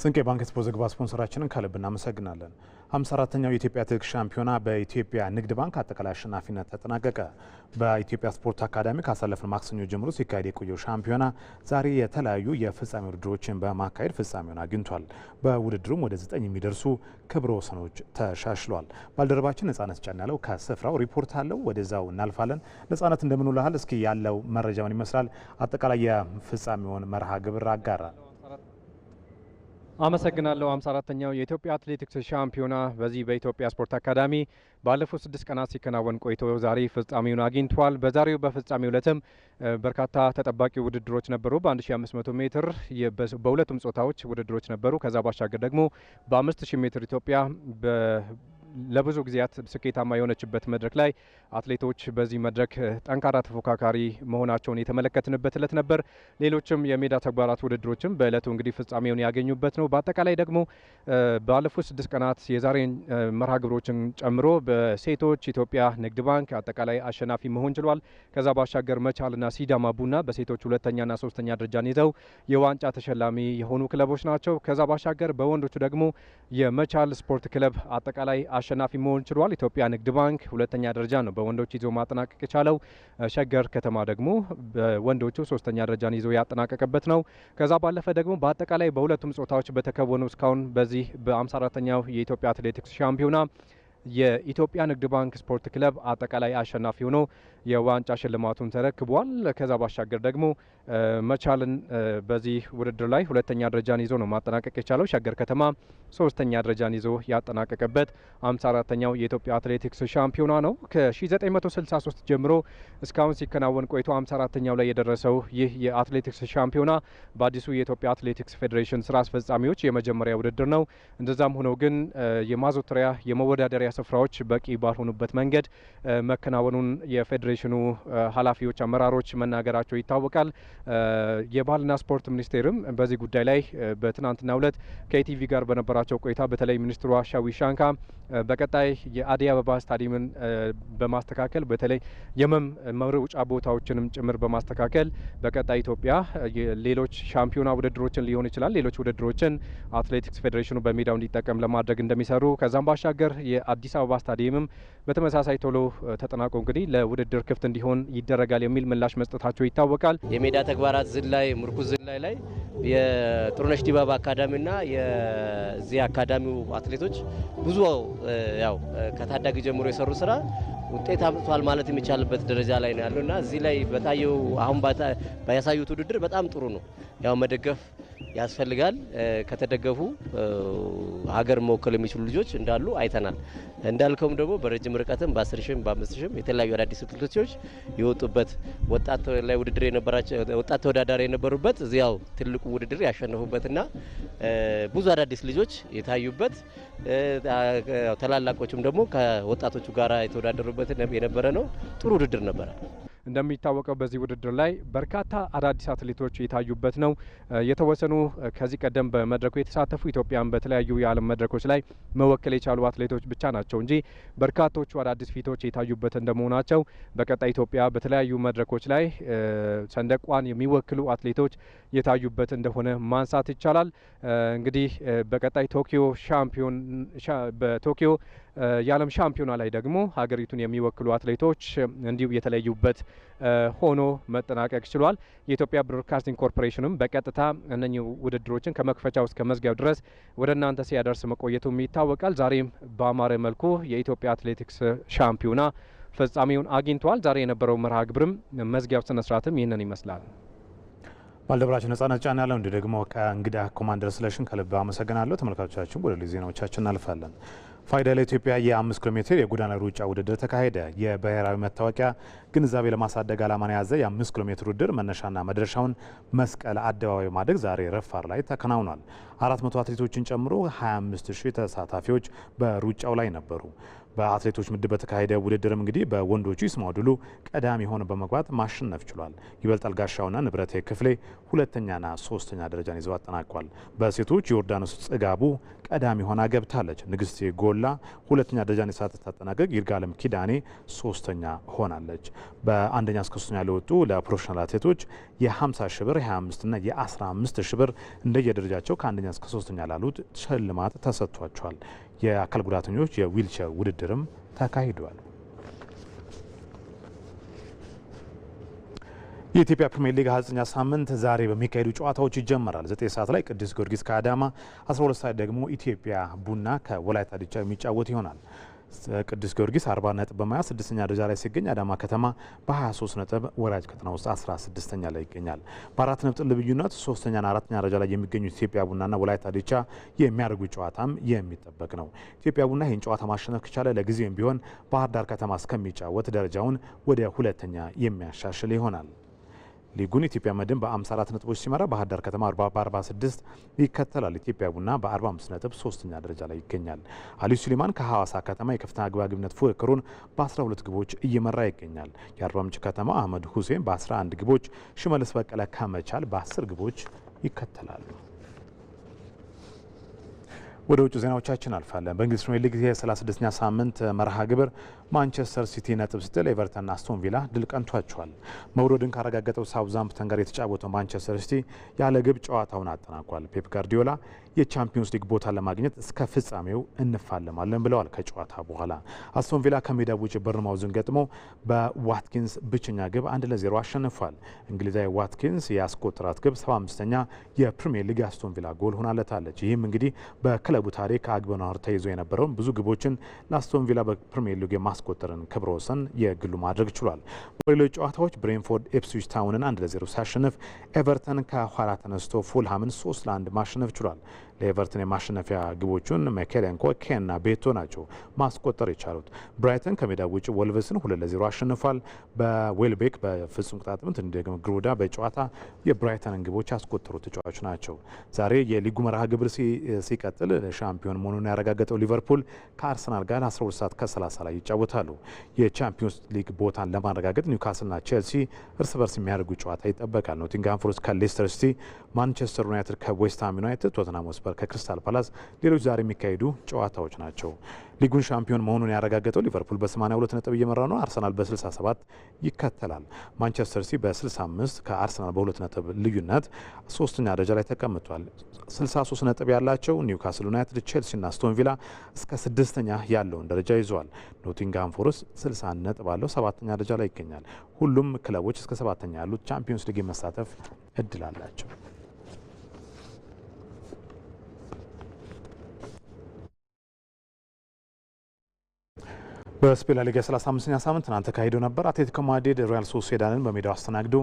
ስንቄ ባንክ ስፖ ዘገባ ስፖንሰራችንን ከልብ እናመሰግናለን። 54ተኛው የኢትዮጵያ ትልቅ ሻምፒዮና በኢትዮጵያ ንግድ ባንክ አጠቃላይ አሸናፊነት ተጠናቀቀ። በኢትዮጵያ ስፖርት አካዳሚ ካሳለፍን ማክሰኞ ጀምሮ ሲካሄድ የቆየው ሻምፒዮና ዛሬ የተለያዩ የፍጻሜ ውድድሮችን በማካሄድ ፍጻሜውን አግኝቷል። በውድድሩም ወደ ዘጠኝ የሚደርሱ ክብረ ወሰኖች ተሻሽሏል። ባልደረባችን ነጻነት ጫን ያለው ከስፍራው ሪፖርት አለው። ወደዛው እናልፋለን። ነጻነት እንደምንውልሃል። እስኪ ያለው መረጃ ምን ይመስላል? አጠቃላይ የፍጻሜውን መርሃ ግብር አጋራል። አመሰግናለሁ አምሳ አራተኛው የኢትዮጵያ አትሌቲክስ ሻምፒዮና በዚህ በኢትዮጵያ ስፖርት አካዳሚ ባለፉት ስድስት ቀናት ሲከናወን ቆይቶ ዛሬ ፍጻሜውን አግኝቷል። በዛሬው በፍጻሜው ዕለትም በርካታ ተጠባቂ ውድድሮች ነበሩ። በ1500 ሜትር በሁለቱም ጾታዎች ውድድሮች ነበሩ። ከዛ ባሻገር ደግሞ በ5000 ሜትር ኢትዮጵያ ለብዙ ጊዜያት ስኬታማ የሆነችበት መድረክ ላይ አትሌቶች በዚህ መድረክ ጠንካራ ተፎካካሪ መሆናቸውን የተመለከትንበት እለት ነበር። ሌሎችም የሜዳ ተግባራት ውድድሮችም በእለቱ እንግዲህ ፍጻሜውን ያገኙበት ነው። በአጠቃላይ ደግሞ ባለፉት ስድስት ቀናት የዛሬን መርሃ ግብሮችን ጨምሮ በሴቶች ኢትዮጵያ ንግድ ባንክ አጠቃላይ አሸናፊ መሆን ችሏል። ከዛ ባሻገር መቻልና ሲዳማ ቡና በሴቶች ሁለተኛና ሶስተኛ ደረጃን ይዘው የዋንጫ ተሸላሚ የሆኑ ክለቦች ናቸው። ከዛ ባሻገር በወንዶቹ ደግሞ የመቻል ስፖርት ክለብ አጠቃላይ አሸናፊ መሆን ችሏል። ኢትዮጵያ ንግድ ባንክ ሁለተኛ ደረጃ ነው በወንዶች ይዞ ማጠናቀቅ የቻለው። ሸገር ከተማ ደግሞ በወንዶቹ ሶስተኛ ደረጃን ይዞ ያጠናቀቀበት ነው። ከዛ ባለፈ ደግሞ በአጠቃላይ በሁለቱም ጾታዎች በተከወኑ እስካሁን በዚህ በ54ተኛው የኢትዮጵያ አትሌቲክስ ሻምፒዮና የኢትዮጵያ ንግድ ባንክ ስፖርት ክለብ አጠቃላይ አሸናፊ ሆኖ የዋንጫ ሽልማቱን ተረክቧል። ከዛ ባሻገር ደግሞ መቻልን በዚህ ውድድር ላይ ሁለተኛ ደረጃን ይዞ ነው ማጠናቀቅ የቻለው ሸገር ከተማ ሶስተኛ ደረጃን ይዞ ያጠናቀቀበት 54ተኛው የኢትዮጵያ አትሌቲክስ ሻምፒዮና ነው። ከ1963 ጀምሮ እስካሁን ሲከናወን ቆይቶ 54ተኛው ላይ የደረሰው ይህ የአትሌቲክስ ሻምፒዮና በአዲሱ የኢትዮጵያ አትሌቲክስ ፌዴሬሽን ስራ አስፈጻሚዎች የመጀመሪያ ውድድር ነው። እንደዛም ሆኖ ግን የማዘውተሪያ የመወዳደሪያ ስፍራዎች በቂ ባልሆኑበት መንገድ መከናወኑን የፌዴሬሽኑ ኃላፊዎች፣ አመራሮች መናገራቸው ይታወቃል። የባህልና ስፖርት ሚኒስቴርም በዚህ ጉዳይ ላይ በትናንትናው ዕለት ከኢቲቪ ጋር በነበራ በነበራቸው ቆይታ በተለይ ሚኒስትሩ አሻዊ ሻንካ በቀጣይ የአዲስ አበባ ስታዲየምን በማስተካከል በተለይ የመም መሮጫ ቦታዎችንም ጭምር በማስተካከል በቀጣይ ኢትዮጵያ ሌሎች ሻምፒዮና ውድድሮችን ሊሆን ይችላል ሌሎች ውድድሮችን አትሌቲክስ ፌዴሬሽኑ በሜዳው እንዲጠቀም ለማድረግ እንደሚሰሩ ከዛም ባሻገር የአዲስ አበባ ስታዲየምም በተመሳሳይ ቶሎ ተጠናቆ እንግዲህ ለውድድር ክፍት እንዲሆን ይደረጋል የሚል ምላሽ መስጠታቸው ይታወቃል። የሜዳ ተግባራት ዝላይ፣ ምርኩዝ ዝላይ ላይ የጥሩነሽ ዲባባ አካዳሚና እዚህ አካዳሚው አትሌቶች ብዙ ያው ከታዳጊ ጀምሮ የሰሩ ስራ ውጤት አምጥቷል ማለት የሚቻልበት ደረጃ ላይ ነው ያለው እና እዚህ ላይ በታየው አሁን ባያሳዩት ውድድር በጣም ጥሩ ነው ያው መደገፍ ያስፈልጋል። ከተደገፉ ሀገር መወከል የሚችሉ ልጆች እንዳሉ አይተናል። እንዳልከውም ደግሞ በረጅም ርቀትም በአስር ሺም በአምስት ሺም የተለያዩ አዳዲስ ክልቶች የወጡበት ወጣት ላይ ውድድር ወጣት ተወዳዳሪ የነበሩበት እዚያው ትልቁ ውድድር ያሸነፉበትና ብዙ አዳዲስ ልጆች የታዩበት ታላላቆችም ደግሞ ከወጣቶቹ ጋር የተወዳደሩበት የነበረ ነው። ጥሩ ውድድር ነበረ። እንደሚታወቀው በዚህ ውድድር ላይ በርካታ አዳዲስ አትሌቶች የታዩበት ነው። የተወሰኑ ከዚህ ቀደም በመድረኩ የተሳተፉ ኢትዮጵያን በተለያዩ የዓለም መድረኮች ላይ መወከል የቻሉ አትሌቶች ብቻ ናቸው እንጂ በርካቶቹ አዳዲስ ፊቶች የታዩበት እንደመሆናቸው በቀጣይ ኢትዮጵያ በተለያዩ መድረኮች ላይ ሰንደቋን የሚወክሉ አትሌቶች የታዩበት እንደሆነ ማንሳት ይቻላል። እንግዲህ በቀጣይ ቶኪዮ ሻምፒዮን በቶኪዮ የዓለም ሻምፒዮና ላይ ደግሞ ሀገሪቱን የሚወክሉ አትሌቶች እንዲሁ የተለዩበት ሆኖ መጠናቀቅ ችሏል። የኢትዮጵያ ብሮድካስቲንግ ኮርፖሬሽንም በቀጥታ እነኚህ ውድድሮችን ከመክፈቻው እስከ መዝጊያው ድረስ ወደ እናንተ ሲያደርስ መቆየቱም ይታወቃል። ዛሬም በአማረ መልኩ የኢትዮጵያ አትሌቲክስ ሻምፒዮና ፍጻሜውን አግኝቷል። ዛሬ የነበረው መርሃ ግብርም መዝጊያው ስነስርዓትም ይህንን ይመስላል። ባልደረባችን ነጻነት ጫን ያለው እንዲሁ ደግሞ ከእንግዳ ኮማንደር ስለሽን ከልብ አመሰግናለሁ። ተመልካቾቻችን ወደ ዜናዎቻችን እናልፋለን። ፋይዳ ለኢትዮጵያ የአምስት ኪሎ ሜትር የጎዳና ሩጫ ውድድር ተካሄደ። የብሔራዊ መታወቂያ ግንዛቤ ለማሳደግ ዓላማን የያዘ የአምስት ኪሎ ሜትር ውድድር መነሻና መድረሻውን መስቀል አደባባይ በማድረግ ዛሬ ረፋር ላይ ተከናውኗል። አራት መቶ አትሌቶችን ጨምሮ 25 ሺህ ተሳታፊዎች በሩጫው ላይ ነበሩ። በአትሌቶች ምድብ በተካሄደ ውድድርም እንግዲህ በወንዶቹ ይስማው ድሉ ቀዳሚ ሆኖ በመግባት ማሸነፍ ችሏል። ይበልጣል ጋሻውና ንብረቴ ክፍሌ ሁለተኛና ሶስተኛ ደረጃን ይዘው አጠናቋል። በሴቶች ዮርዳኖስ ጽጋቡ ቀዳሚ ሆና ገብታለች። ንግስቴ ጎላ ሁለተኛ ደረጃን ሳታጠናቀቅ ይርጋለም ኪዳኔ ሶስተኛ ሆናለች። በአንደኛ እስከ ሶስተኛ ለወጡ ለፕሮፌሽናል አትሌቶች የ50 ሽብር ብር፣ የ25 እና የ15 ሽብር ብር እንደየደረጃቸው ከአንደኛ እስከ ሶስተኛ ላሉት ሽልማት ተሰጥቷቸዋል። የአካል ጉዳተኞች የዊልቸር ውድድርም ተካሂዷል። የኢትዮጵያ ፕሪምየር ሊግ 29ኛ ሳምንት ዛሬ በሚካሄዱ ጨዋታዎች ይጀመራል። 9 ሰዓት ላይ ቅዱስ ጊዮርጊስ ከአዳማ፣ 12 ሰዓት ደግሞ ኢትዮጵያ ቡና ከወላይታ ዲቻ የሚጫወት ይሆናል። ቅዱስ ጊዮርጊስ 40 ነጥብ በመያዝ ስድስተኛ ደረጃ ላይ ሲገኝ አዳማ ከተማ በ23 ነጥብ ወራጅ ቀጠና ውስጥ 16ኛ ላይ ይገኛል። በአራት ነጥብ ልዩነት ሶስተኛና አራተኛ ደረጃ ላይ የሚገኙት ኢትዮጵያ ቡናና ወላይታ ዲቻ የሚያደርጉ ጨዋታም የሚጠበቅ ነው። ኢትዮጵያ ቡና ይህን ጨዋታ ማሸነፍ ከቻለ ለጊዜም ቢሆን ባህር ዳር ከተማ እስከሚጫወት ደረጃውን ወደ ሁለተኛ የሚያሻሽል ይሆናል። ሊጉን ኢትዮጵያ መድን በ54 ነጥቦች ሲመራ ባህር ዳር ከተማ በ46 ይከተላል። ኢትዮጵያ ቡና በ45 ነጥብ ሶስተኛ ደረጃ ላይ ይገኛል። አሊ ሱሌማን ከሐዋሳ ከተማ የከፍተኛ ግባግብነት ፉክክሩን በ12 ግቦች እየመራ ይገኛል። የአርባ ምንጭ ከተማ አህመድ ሁሴን በ11 ግቦች፣ ሽመልስ በቀለ ከመቻል በ10 ግቦች ይከተላሉ። ወደ ውጭ ዜናዎቻችን አልፋለን። በእንግሊዝ ፕሪሚየር ሊግ የ36ኛ ሳምንት መርሃ ግብር ማንቸስተር ሲቲ ነጥብ ስትል ኤቨርተንና አስቶን ቪላ ድል ቀንቷቸዋል። መውረድን ካረጋገጠው ሳውዛምፕተን ጋር የተጫወተው ማንቸስተር ሲቲ ያለ ግብ ጨዋታውን አጠናቋል። ፔፕ ጋርዲዮላ የቻምፒዮንስ ሊግ ቦታ ለማግኘት እስከ ፍጻሜው እንፋለማለን ብለዋል። ከጨዋታ በኋላ አስቶን ቪላ ከሜዳ ውጭ በርንማውዝን ገጥሞ በዋትኪንስ ብቸኛ ግብ አንድ ለዜሮ አሸንፏል። እንግሊዛዊ ዋትኪንስ የአስቆጠራት ግብ 75ኛ የፕሪምየር ሊግ አስቶን ቪላ ጎል ሆናለታለች። ይህም እንግዲህ በክለቡ ታሪክ አግበናር ተይዞ የነበረውን ብዙ ግቦችን ለአስቶን ቪላ በፕሪምየር ሊግ የማስ ማስቆጠርን ክብረ ወሰን የግሉ ማድረግ ችሏል። በሌሎች ጨዋታዎች ብሬንፎርድ ኤፕስዊች ታውንን አንድ ለዜሮ ሲያሸንፍ፣ ኤቨርተን ከኋላ ተነስቶ ፉልሃምን ሶስት ለአንድ ማሸነፍ ችሏል። ለኤቨርተን የማሸነፊያ ግቦቹን መኬሌንኮ ኬና ቤቶ ናቸው ማስቆጠር የቻሉት። ብራይተን ከሜዳ ውጭ ወልቨስን ሁለት ለዜሮ አሸንፏል። በዌልቤክ በፍጹም ቅጣት ምት እንዲሁም ግሩዳ በጨዋታ የብራይተንን ግቦች ያስቆጠሩ ተጫዋቾች ናቸው። ዛሬ የሊጉ መርሃ ግብር ሲቀጥል ሻምፒዮን መሆኑን ያረጋገጠው ሊቨርፑል ከአርሰናል ጋር 12 ሰዓት ከ30 ላይ ይጫወታሉ። የቻምፒዮንስ ሊግ ቦታን ለማረጋገጥ ኒውካስልና ቼልሲ እርስ በርስ የሚያደርጉ ጨዋታ ይጠበቃል። ኖቲንግሃም ፎረስት ከሌስተር ሲቲ፣ ማንቸስተር ዩናይትድ ከዌስትሃም ዩናይትድ፣ ቶተንሃም ስፐ ነበር ከክሪስታል ፓላስ። ሌሎች ዛሬ የሚካሄዱ ጨዋታዎች ናቸው። ሊጉን ሻምፒዮን መሆኑን ያረጋገጠው ሊቨርፑል በ82 ነጥብ እየመራ ነው። አርሰናል በ67 ይከተላል። ማንቸስተር ሲቲ በ65 ከአርሰናል በ2 ነጥብ ልዩነት ሶስተኛ ደረጃ ላይ ተቀምጧል። 63 ነጥብ ያላቸው ኒውካስል ዩናይትድ፣ ቼልሲ ና ስቶን ቪላ እስከ ስድስተኛ ያለውን ደረጃ ይዘዋል። ኖቲንግሃም ፎረስት 61 ነጥብ አለው፣ ሰባተኛ ደረጃ ላይ ይገኛል። ሁሉም ክለቦች እስከ ሰባተኛ ያሉት ቻምፒዮንስ ሊግ መሳተፍ እድል አላቸው። በስፔን ላሊጋ 35 ኛ ሳምንት ትናንት ተካሂዶ ነበር። አትሌቲኮ ማድሪድ ሪያል ሶሴዳድን በሜዳው አስተናግዶ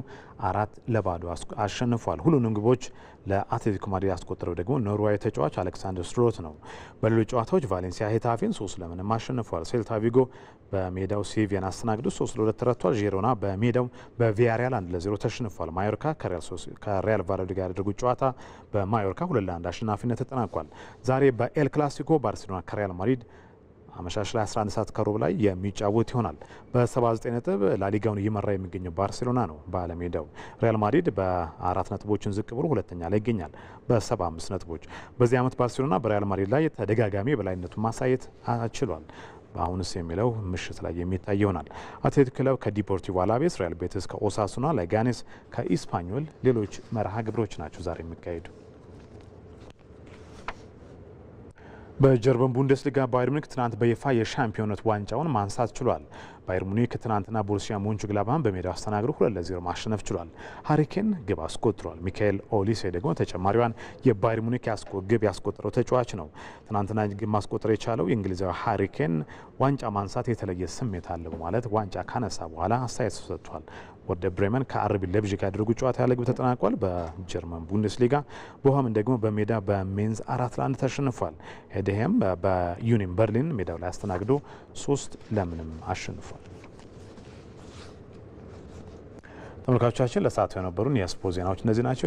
አራት ለባዶ አሸንፏል። ሁሉንም ግቦች ለአትሌቲኮ ማድሪድ ያስቆጠረው ደግሞ ኖርዌያዊ ተጫዋች አሌክሳንደር ስትሮት ነው። በሌሎች ጨዋታዎች ቫሌንሲያ ሄታፌን ሶስት ለምንም አሸንፏል። ሴልታ ቪጎ በሜዳው ሴቪያን አስተናግዶ ሶስት ለሁለት ተረቷል። ዢሮና በሜዳው በቪያሪያል አንድ ለዜሮ ተሸንፏል። ማዮርካ ከሪያል ቫላዶሊድ ጋር ያደረጉት ጨዋታ በማዮርካ ሁለት ለአንድ አሸናፊነት ተጠናቋል። ዛሬ በኤል ክላሲኮ ባርሴሎና ከሪያል ማድሪድ አመሻሽ ላይ 11 ሰዓት ከሩብ ላይ የሚጫወት ይሆናል። በ79 ነጥብ ላሊጋውን እየመራ የሚገኘው ባርሴሎና ነው በአለሜዳው። ሪያል ማድሪድ በአራት ነጥቦችን ዝቅ ብሎ ሁለተኛ ላይ ይገኛል በ75 ነጥቦች። በዚህ ዓመት ባርሴሎና በሪያል ማድሪድ ላይ ተደጋጋሚ የበላይነቱን ማሳየት አችሏል። አሁንስ የሚለው ምሽት ላይ የሚታይ ይሆናል። አትሌቲክ ክለብ ከዲፖርቲቮ አላቤስ፣ ሪያል ቤትስ ከኦሳሱና፣ ለጋኔስ ከኢስፓኞል ሌሎች መርሃ ግብሮች ናቸው ዛሬ የሚካሄዱ። በጀርመን ቡንደስሊጋ ባየር ሙኒክ ትናንት በይፋ የሻምፒዮነት ዋንጫውን ማንሳት ችሏል። ባየር ሙኒክ ትናንትና ቦሩሲያ ሞንቹ ግላባን በሜዳ አስተናግዶ ሁለት ለዜሮ ማሸነፍ ችሏል። ሀሪኬን ግብ አስቆጥሯል። ሚካኤል ኦሊሴ ደግሞ ተጨማሪዋን የባየር ሙኒክ ግብ ያስቆጠረው ተጫዋች ነው። ትናንትና ግብ ማስቆጠር የቻለው የእንግሊዛዊ ሀሪኬን ዋንጫ ማንሳት የተለየ ስሜት አለ በማለት ዋንጫ ካነሳ በኋላ አስተያየት ሰጥቷል። ወደ ብሬመን ከአርቢ ለብዥግ ያደረጉት ጨዋታ ያለ ግብ ተጠናቋል። በጀርመን ቡንደስሊጋ በኋም ደግሞ በሜዳ በሜንዝ አራት ለአንድ ተሸንፏል። ሄደሄም በዩኒን በርሊን ሜዳው ላይ አስተናግዶ ሶስት ለምንም አሸንፏል። ተመልካቾቻችን ለሰዓቱ የነበሩን የስፖርት ዜናዎች እነዚህ ናቸው።